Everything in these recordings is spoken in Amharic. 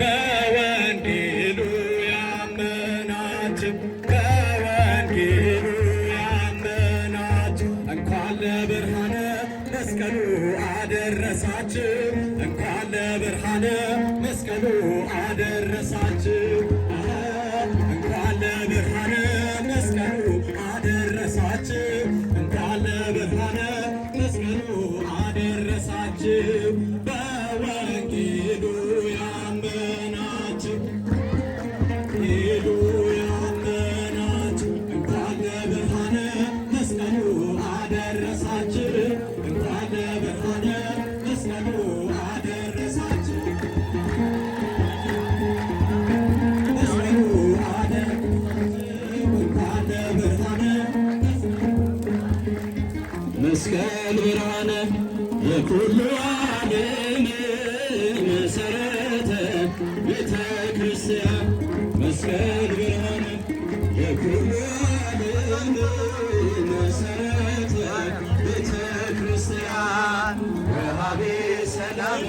በወንጌሉ ያመናችሁ በወንጌሉ ያመናችሁ እንኳን መስቀሉ አደረሳችሁ እንኳን ለብርሃነ መስቀሉ አደረሳችሁ እንኳን ለብርሃነ መስቀሉ አደረሳችሁ እንኳን ለብርሃነ መስቀሉ አደረሳችሁ መስቀል ብርሃነ የኩሉ ዓለም መሰረተ ቤተ ክርስቲያን መስቀል ብርሃነ የኩሉ ዓለም መሰረተ ቤተ ክርስቲያን ረሃቤ ሰላም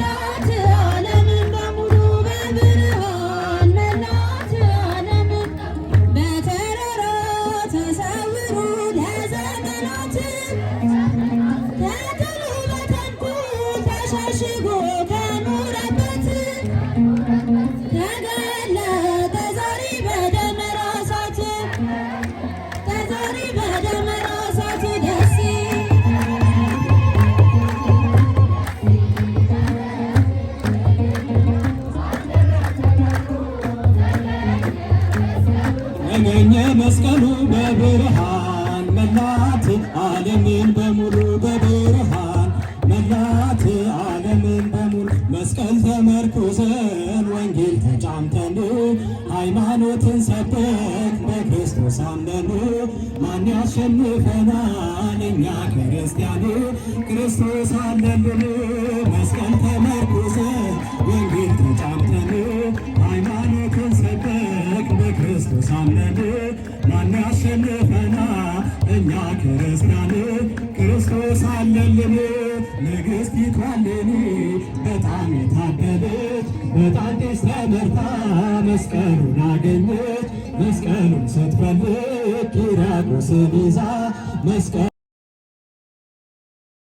love. መስቀል ተመርኩዘን ወንጌል ተጫምተን ሃይማኖትን ሰበክ በክርስቶስ አምነን ማን ያሸንፈናል? እኛ ክርስቲያኑ ክርስቶስ አለልን። መስቀል ተመርኩዘን ወንጌል ተጫምተን ሃይማኖትን ሰበክ በክርስቶስ አምነን ማን ያሸንፈናል? እኛ ክርስቲያኑ ክርስቶስ አለልን በጣንጤስ ተመርታ መስቀሉን አገኘች መስቀሉን ስትፈልግ ቂራቆስን ይዛ